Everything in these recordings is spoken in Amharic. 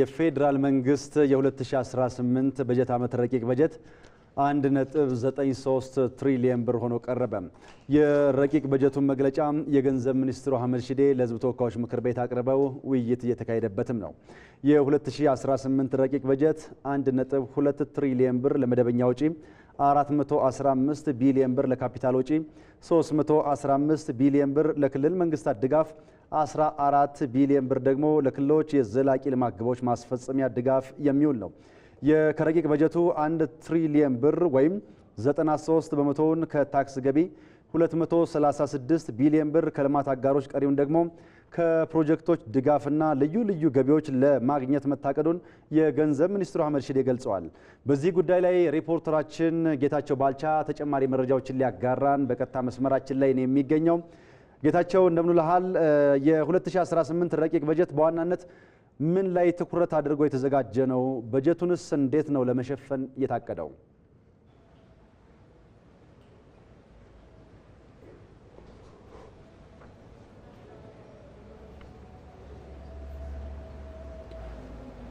የፌዴራል መንግስት የ2018 በጀት ዓመት ረቂቅ በጀት 1.93 ትሪሊየን ብር ሆኖ ቀረበ። የረቂቅ በጀቱን መግለጫ የገንዘብ ሚኒስትሩ አህመድ ሺዴ ለህዝብ ተወካዮች ምክር ቤት አቅርበው ውይይት እየተካሄደበትም ነው። የ2018 ረቂቅ በጀት 1.2 ትሪሊየን ብር ለመደበኛ ወጪ 415 ቢሊዮን ብር ለካፒታል ወጪ፣ 315 ቢሊዮን ብር ለክልል መንግስታት ድጋፍ፣ 14 ቢሊዮን ብር ደግሞ ለክልሎች የዘላቂ ልማት ግቦች ማስፈጸሚያ ድጋፍ የሚውል ነው። ከረቂቅ በጀቱ 1 ትሪሊየን ብር ወይም 93 በመቶውን ከታክስ ገቢ 236 ቢሊዮን ብር ከልማት አጋሮች ቀሪውን ደግሞ ከፕሮጀክቶች ድጋፍና ልዩ ልዩ ገቢዎች ለማግኘት መታቀዱን የገንዘብ ሚኒስትሩ አህመድ ሽዴ ገልጸዋል። በዚህ ጉዳይ ላይ ሪፖርተራችን ጌታቸው ባልቻ ተጨማሪ መረጃዎችን ሊያጋራን በቀጥታ መስመራችን ላይ ነው የሚገኘው። ጌታቸው እንደምንልሃል። የ2018 ረቂቅ በጀት በዋናነት ምን ላይ ትኩረት አድርጎ የተዘጋጀ ነው? በጀቱንስ እንዴት ነው ለመሸፈን የታቀደው?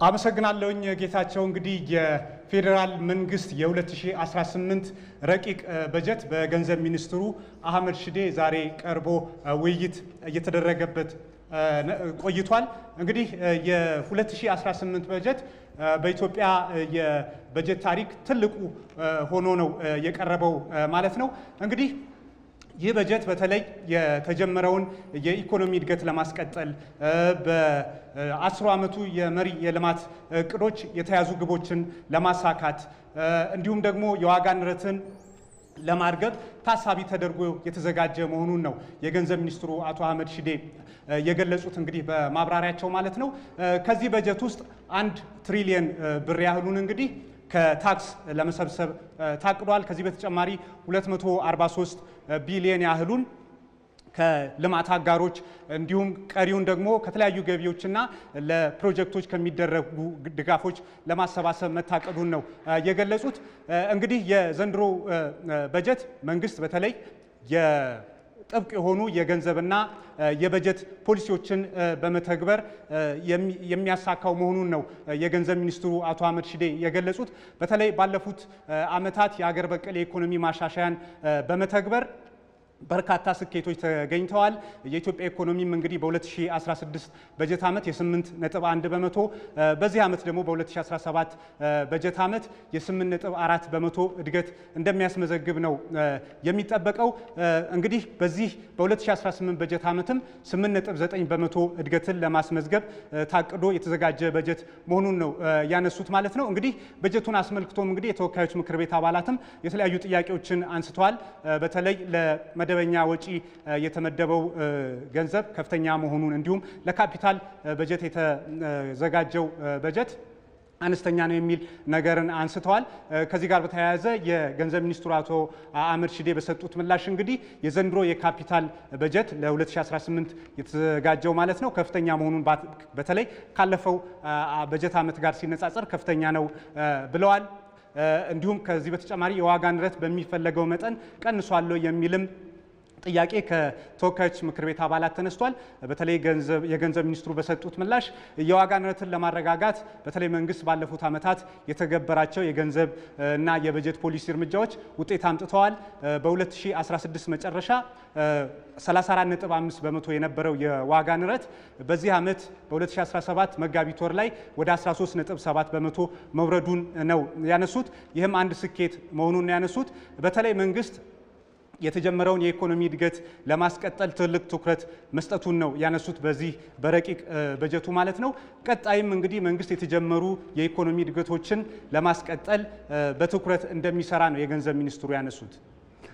አመሰግናለሁኝ ጌታቸው። እንግዲህ የፌዴራል መንግስት የ2018 ረቂቅ በጀት በገንዘብ ሚኒስትሩ አህመድ ሽዴ ዛሬ ቀርቦ ውይይት እየተደረገበት ቆይቷል። እንግዲህ የ2018 በጀት በኢትዮጵያ የበጀት ታሪክ ትልቁ ሆኖ ነው የቀረበው ማለት ነው እንግዲህ ይህ በጀት በተለይ የተጀመረውን የኢኮኖሚ እድገት ለማስቀጠል በአስሩ ዓመቱ የመሪ የልማት እቅዶች የተያዙ ግቦችን ለማሳካት እንዲሁም ደግሞ የዋጋ ንረትን ለማርገብ ታሳቢ ተደርጎ የተዘጋጀ መሆኑን ነው የገንዘብ ሚኒስትሩ አቶ አህመድ ሽዴ የገለጹት እንግዲህ በማብራሪያቸው ማለት ነው። ከዚህ በጀት ውስጥ አንድ ትሪሊየን ብር ያህሉን እንግዲህ ከታክስ ለመሰብሰብ ታቅዷል። ከዚህ በተጨማሪ 243 ቢሊዮን ያህሉን ከልማት አጋሮች እንዲሁም ቀሪውን ደግሞ ከተለያዩ ገቢዎችና ለፕሮጀክቶች ከሚደረጉ ድጋፎች ለማሰባሰብ መታቀዱን ነው የገለጹት። እንግዲህ የዘንድሮ በጀት መንግስት በተለይ ጥብቅ የሆኑ የገንዘብና የበጀት ፖሊሲዎችን በመተግበር የሚያሳካው መሆኑን ነው የገንዘብ ሚኒስትሩ አቶ አህመድ ሽዴ የገለጹት። በተለይ ባለፉት ዓመታት የሀገር በቀል የኢኮኖሚ ማሻሻያን በመተግበር በርካታ ስኬቶች ተገኝተዋል። የኢትዮጵያ ኢኮኖሚም እንግዲህ በ2016 በጀት ዓመት የ 8 1 በመቶ በዚህ ዓመት ደግሞ በ2017 በጀት ዓመት የ8.4 በመቶ እድገት እንደሚያስመዘግብ ነው የሚጠበቀው። እንግዲህ በዚህ በ2018 በጀት ዓመትም 8.9 በመቶ እድገትን ለማስመዝገብ ታቅዶ የተዘጋጀ በጀት መሆኑን ነው ያነሱት ማለት ነው። እንግዲህ በጀቱን አስመልክቶም እንግዲህ የተወካዮች ምክር ቤት አባላትም የተለያዩ ጥያቄዎችን አንስተዋል። በተለይ ለመደ ለመደበኛ ወጪ የተመደበው ገንዘብ ከፍተኛ መሆኑን እንዲሁም ለካፒታል በጀት የተዘጋጀው በጀት አነስተኛ ነው የሚል ነገርን አንስተዋል። ከዚህ ጋር በተያያዘ የገንዘብ ሚኒስትሩ አቶ አህመድ ሽዴ በሰጡት ምላሽ እንግዲህ የዘንድሮ የካፒታል በጀት ለ2018 የተዘጋጀው ማለት ነው ከፍተኛ መሆኑን በተለይ ካለፈው በጀት ዓመት ጋር ሲነጻጸር ከፍተኛ ነው ብለዋል። እንዲሁም ከዚህ በተጨማሪ የዋጋ ንረት በሚፈለገው መጠን ቀንሷል የሚልም ጥያቄ ከተወካዮች ምክር ቤት አባላት ተነስቷል። በተለይ የገንዘብ ሚኒስትሩ በሰጡት ምላሽ የዋጋ ንረትን ለማረጋጋት በተለይ መንግስት ባለፉት ዓመታት የተገበራቸው የገንዘብ እና የበጀት ፖሊሲ እርምጃዎች ውጤት አምጥተዋል። በ2016 መጨረሻ 34.5 በመቶ የነበረው የዋጋ ንረት በዚህ ዓመት በ2017 መጋቢት ወር ላይ ወደ 13.7 በመቶ መውረዱን ነው ያነሱት። ይህም አንድ ስኬት መሆኑን ያነሱት በተለይ መንግስት የተጀመረውን የኢኮኖሚ እድገት ለማስቀጠል ትልቅ ትኩረት መስጠቱን ነው ያነሱት በዚህ በረቂቅ በጀቱ ማለት ነው። ቀጣይም እንግዲህ መንግስት የተጀመሩ የኢኮኖሚ እድገቶችን ለማስቀጠል በትኩረት እንደሚሰራ ነው የገንዘብ ሚኒስትሩ ያነሱት።